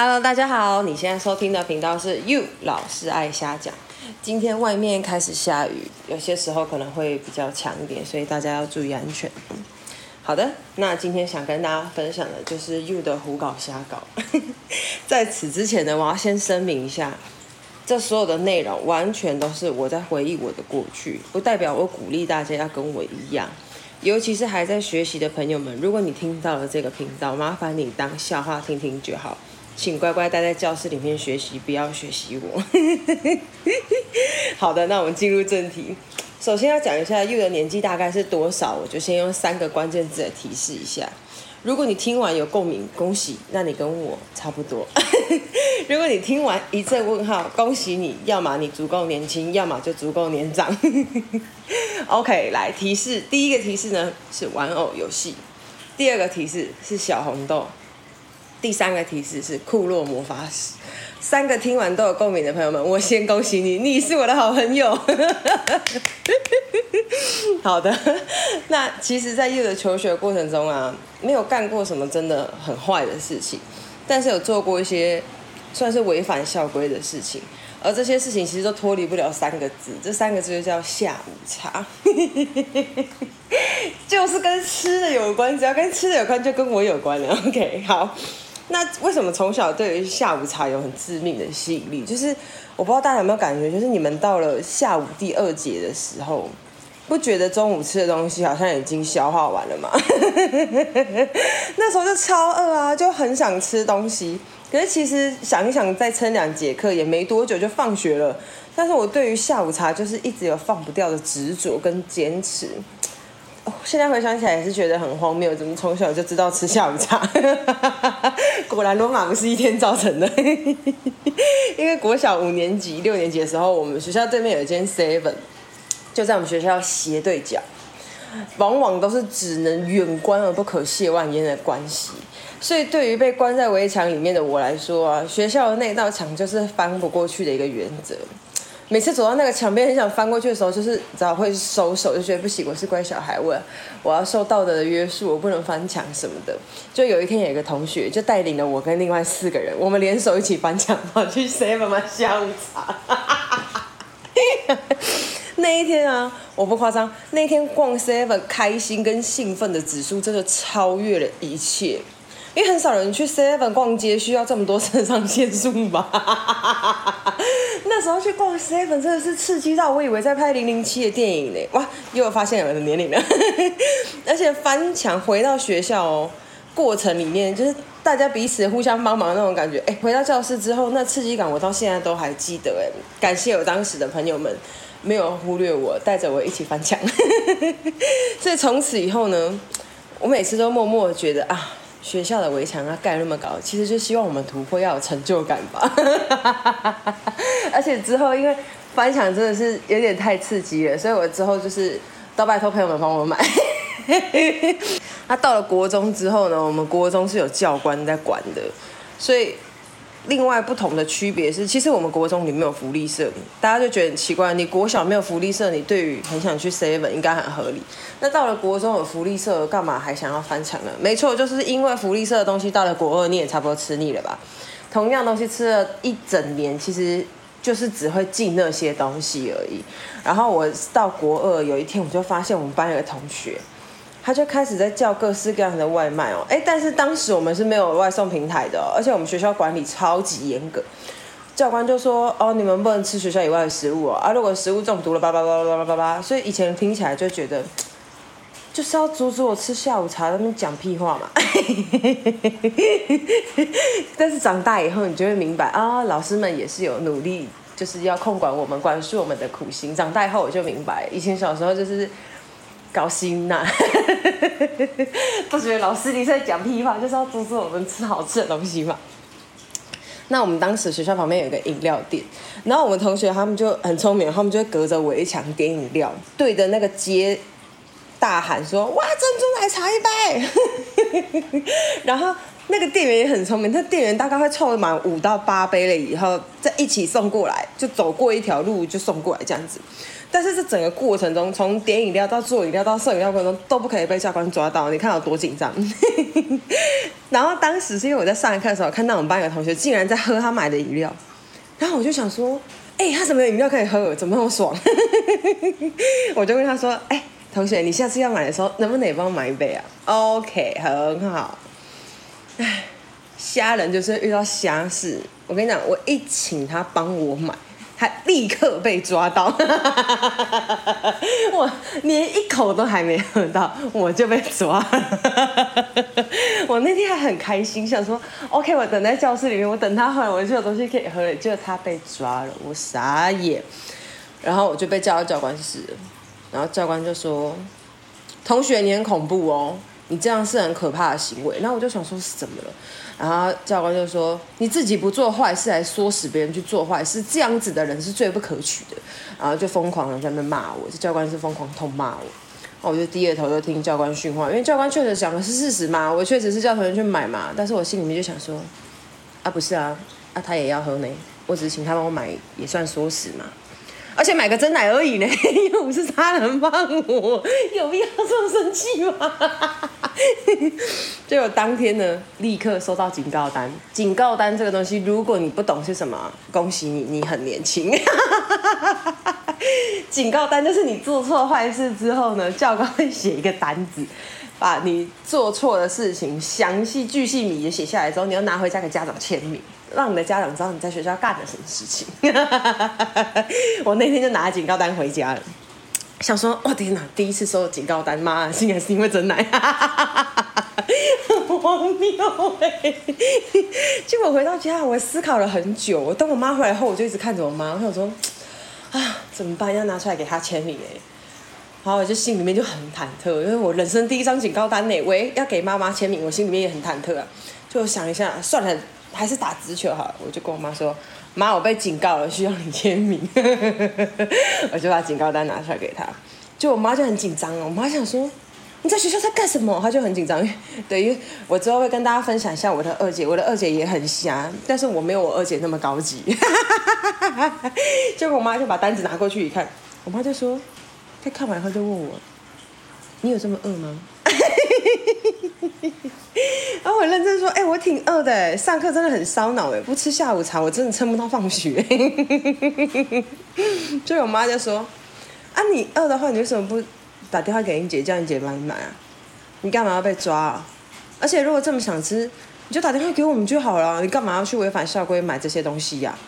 Hello，大家好！你現在收聽的頻道是 Yu 老師愛瞎講。今天外面開始下雨，有些時候可能會比較強一點，所以大家要注意安全。好的，那今天想跟大家分享的就是 Yu 的胡搞瞎搞。 在此之前呢，我要先聲明一下，這所有的內容完全都是我在回憶我的過去，不代表我鼓勵大家要跟我一樣，尤其是還在學習的朋友們。如果你聽到了這個頻道，麻煩你當笑話聽聽就好。請乖乖待在教室裡面學習，不要學習我。 好的，那我們進入正題。首先要講一下 Yu 的年紀大概是多少，我就先用三個關鍵字來提示一下。如果你聽完有共鳴，恭喜，那你跟我差不多。 如果你聽完一陣問號，恭喜你，要麼你足夠年輕，要麼就足夠年長。 OK，來提示，第一個提示呢是玩偶遊戲，第二個提示是小紅豆。第三個提示是庫洛魔法使。三個聽完都有共鳴的朋友們，我先恭喜你，你是我的好朋友。 好的，那其實，在 Yu 的求學的過程中啊，沒有幹過什麼真的很壞的事情，但是有做過一些算是違反校規的事情。而這些事情其實都脫離不了三個字，這三個字就叫下午茶。 就是跟吃的有關，只要跟吃的有關，就跟我有關了。OK，好。那為什麼從小對於下午茶有很致命的吸引力？就是我不知道大家有沒有感覺，就是你們到了下午第二節的時候，不覺得中午吃的東西好像已經消化完了嗎？ 那時候就超餓啊，就很想吃東西。可是其實想一想，再撐兩節課也沒多久就放學了。但是我對於下午茶就是一直有放不掉的執着跟堅持。現在回想起來也是覺得很荒謬，怎麼從小就知道吃下午茶？ 果然羅馬不是一天造成的。 因為國小五年級、六年級的時候，我們學校對面有一間 Seven，就在我們學校斜對角，往往都是只能遠觀而不可褻玩焉的關係。所以對於被關在圍牆裡面的我來說啊，學校的那道牆就是翻不過去的一個原則。每次走到那個牆邊，很想翻過去的時候，就是只要會收手，就覺得不行，我是乖小孩，我要受道德的約束，我不能翻牆什麼的。就有一天，有一個同學就帶領了我跟另外四個人，我們聯手一起翻牆，跑去 Seven 買下午茶。那一天啊，我不誇張，那一天逛 Seven，開心跟興奮的指數真的超越了一切。因為很少人去 Seven 逛街需要這麼多腎上腺素吧？ 那時候去逛 Seven 真的是刺激到，我以為在拍《零零七》的電影呢！哇，又有發現我們的年齡了。 而且翻牆回到學校，哦、過程裡面，就是大家彼此互相幫忙，忙的那種感覺。哎，回到教室之後，那刺激感我到現在都還記得。哎，感謝我當時的朋友們沒有忽略我，帶着我一起翻牆。 所以從此以後呢，我每次都默默覺得啊。學校的圍牆啊，蓋那麼高，其實就希望我們突破要有成就感吧。 而且之後，因為翻牆真的是有點太刺激了，所以我之後就是都拜托朋友們幫我買。那、 啊、到了國中之後呢，我們國中是有教官在管的，所以。另外不同的區別是，其實我們國中裡面有福利社，大家就覺得很奇怪。你國小沒有福利社，你對於很想去 seven 應該很合理。那到了國中有福利社，幹嘛還想要翻牆呢？沒錯，就是因為福利社的東西到了國二你也差不多吃膩了吧。同樣東西吃了一整年，其實就是只會記那些東西而已。然後我到國二有一天，我就發現我們班有個同學。他就開始在叫各式各樣的外賣哦，哎，但是當時我們是沒有外送平台的哦，而且我們學校管理超級嚴格，教官就說：“哦，你們不能吃學校以外的食物哦，啊，如果食物中毒了，叭叭叭叭叭叭。所以以前聽起來就覺得，就是要阻止我吃下午茶，他們講屁話嘛。 但是長大以後，你就會明白啊，老師們也是有努力，就是要控管我們、管束我們的苦心。長大以後我就明白，以前小時候就是。高興吶！不覺得老師你在講屁話，就是要阻止我們吃好吃的東西嘛？那我們當時學校旁邊有一個飲料店，然後我們同學他們就很聰明，他們就會隔着圍牆點飲料，對着那個街大喊說：“哇，珍珠奶茶一杯！” 然後那個店員也很聰明，他店員大概會湊滿五到八杯了以後，再一起送過來，就走過一條路就送過來這樣子。但是這整個過程中，從點飲料到做飲料到盛飲料過程中都不可以被教官抓到，你看有多緊張。 然後當時是因為我在上課的時候看到我們班有同學竟然在喝他買的飲料，然後我就想說，哎、欸，他什麼飲料可以喝，怎麼那麼爽？ 我就問他說，哎、欸，同學，你下次要買的時候能不能也幫我買一杯啊？OK，很好。哎，瞎人就是遇到瞎事，我跟你講，我一請他幫我買。還立刻被抓到， 我連一口都還沒喝到，我就被抓。 我那天還很開心，想說 OK，我等在教室裡面，我等他回來，我就有東西可以喝了。結果他被抓了，我傻眼。然後我就被叫到教官室，然後教官就說：“同學，你很恐怖哦。”你這樣是很可怕的行為，那我就想說是怎麼了，然後教官就說，你自己不做壞事，還唆使別人去做壞事，這樣子的人是最不可取的。然後就瘋狂地在那罵我，這教官是瘋狂痛罵我。然後我就低着頭就聽教官訓話，因為教官確實講的是事實嘛，我確實是叫同學去買嘛。但是我心裡面就想說，啊不是啊，啊他也要喝呢，我只是請他幫我買也算唆使嘛，而且買個珍奶而已呢，又不是他人幫我，有必要這麼生氣嗎？ 就有當天呢，立刻收到警告單。警告單這個東西，如果你不懂是什麼，恭喜你，你很年輕。 警告單就是你做錯壞事之後呢，教官會寫一個單子，把你做錯的事情詳細、巨細靡遺寫下來之後，你要拿回家給家長簽名，讓你的家長知道你在學校幹了什麼事情。 我那天就拿了警告單回家了。想說，我天哪，第一次收到警告單，媽，竟然是因為珍奶，很荒謬哎！結果回到家，我思考了很久。我等我媽回來後，我就一直看着我媽，我想說，啊，怎麼辦？要拿出來給她簽名、欸、然後，我就心裡面就很忐忑，因為我人生第一張警告單呢、欸，喂，要給媽媽簽名，我心裡面也很忐忑啊。就我想一下，算了。還是打直球好了，我就跟我媽說：“媽，我被警告了，需要你簽名。 ”我就把警告單拿出來給她，就我媽就很緊張哦。我媽想說：“你在學校在幹什麼？”她就很緊張，因為等於我之後會跟大家分享一下我的二姐，我的二姐也很瞎，但是我沒有我二姐那麼高級。結 果我媽就把單子拿過去一看，我媽就說：“她看完後就問我，你有這麼餓嗎？” 然後我認真說：“哎、欸，我挺餓的，上課真的很燒腦，哎，不吃下午茶我真的撐不到放學。”所以我媽就說：“啊，你餓的話，你為什麼不打電話給英姐，叫你姐幫你買啊？你幹嘛要被抓啊？而且如果這麼想吃，你就打電話給我們就好了、啊，你幹嘛要去違反校規買這些東西呀、啊？”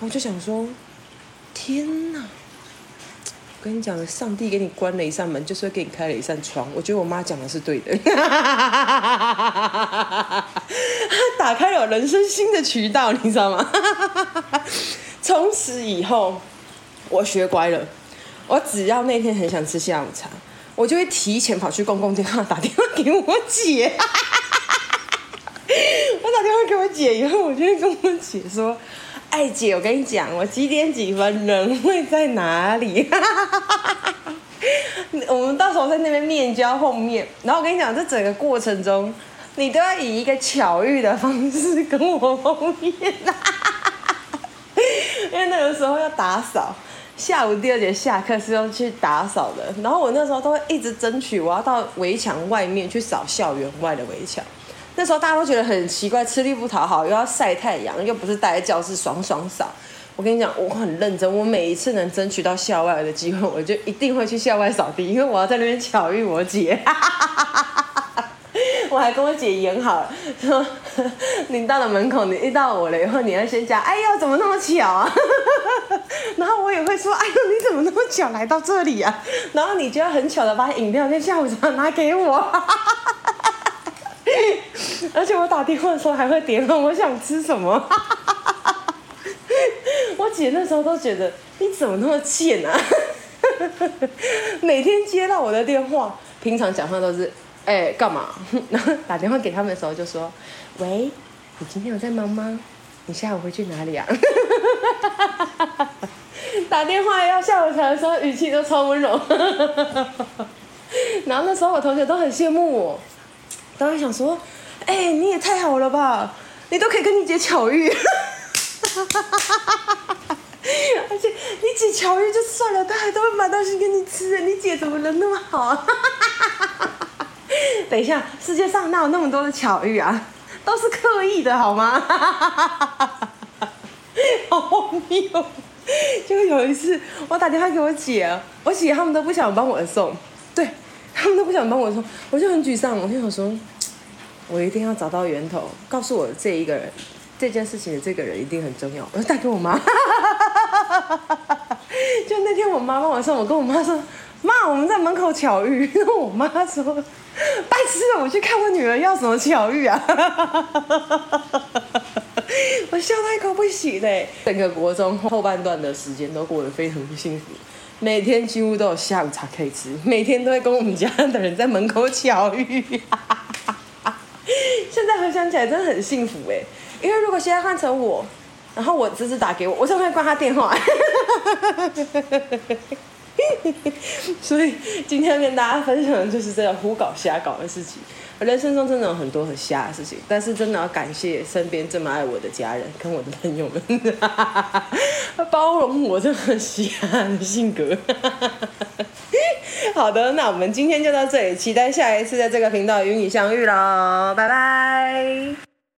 然後我就想說：“天吶！”我跟你講，上帝給你關了一扇門，就是會給你開了一扇窗。我覺得我媽講的是對的， 打開了人生新的渠道，你知道嗎？ 從此以後，我學乖了。我只要那天很想吃下午茶，我就會提前跑去公共電話打電話給我姐。 我打電話給我姐以後，我就會跟我姐說。艾姐，我跟你講，我幾點幾分人會在哪裡。 我們到時候在那邊面交後面。然後我跟你講，這整個過程中，你都要以一個巧遇的方式跟我後面。 因為那個時候要打掃，下午第二節下課是要去打掃的。然後我那時候都會一直爭取，我要到圍牆外面去掃校園外的圍牆。那時候大家都覺得很奇怪，吃力不討好，又要曬太陽，又不是待在教室爽爽掃。我跟你講，我很認真，我每一次能爭取到校外的機會，我就一定會去校外掃地，因為我要在那邊巧遇我姐。 我還跟我姐演好了，說你到了門口，你遇到我了以後，你要先講，哎呦，怎麼那麼巧啊？ 然後我也會說，哎呦，你怎麼那麼巧來到這裡啊？然後你就要很巧的把飲料跟下午茶拿給我。 而且我打電話的時候還會點問我想吃什麼，我姐那時候都覺得你怎麼那麼賤啊！每天接到我的電話，平常講話都是哎、欸、幹嘛，然後打電話給他們的時候就說喂，你今天有在忙嗎？你下午會去哪裡啊？打電話要下午茶的時候語氣都超溫柔，然後那時候我同學都很羨慕我，當時想說。哎、欸，你也太好了吧！你都可以跟你姐巧遇， 而且你姐巧遇就算了，他還都會買東西給你吃。你姐怎麼能那麼好啊？ 等一下，世界上哪有那麼多的巧遇啊？都是刻意的，好嗎？哈哈，沒有。好荒謬！就有一次，我打電話給我姐，我姐他們都不想幫我送，對他們都不想幫我送，我就很沮喪，我就想說。我一定要找到源頭，告訴我這一個人，這件事情的這個人一定很重要。我要帶給我媽， 就那天我媽晚上，我跟我媽說：“媽，我們在門口巧遇。”然後我媽說：“白痴，我去看我女兒要什麼巧遇啊？” 我笑到一口不喜的。整個國中後半段的時間都過得非常不幸福，每天幾乎都有下午茶可以吃，每天都會跟我們家的人在門口巧遇啊。現在回想起來真的很幸福哎，因為如果現在換成我，然後我侄子打給我，我怎麼會掛他電話？ 所以今天跟大家分享的就是這個胡搞瞎搞的事情。我人生中真的有很多很瞎的事情，但是真的要感謝身邊這麼愛我的家人跟我的朋友們，包容我這個很瞎的性格。好的，那我們今天就到這裡，期待下一次在這個頻道與你相遇嘍，拜拜。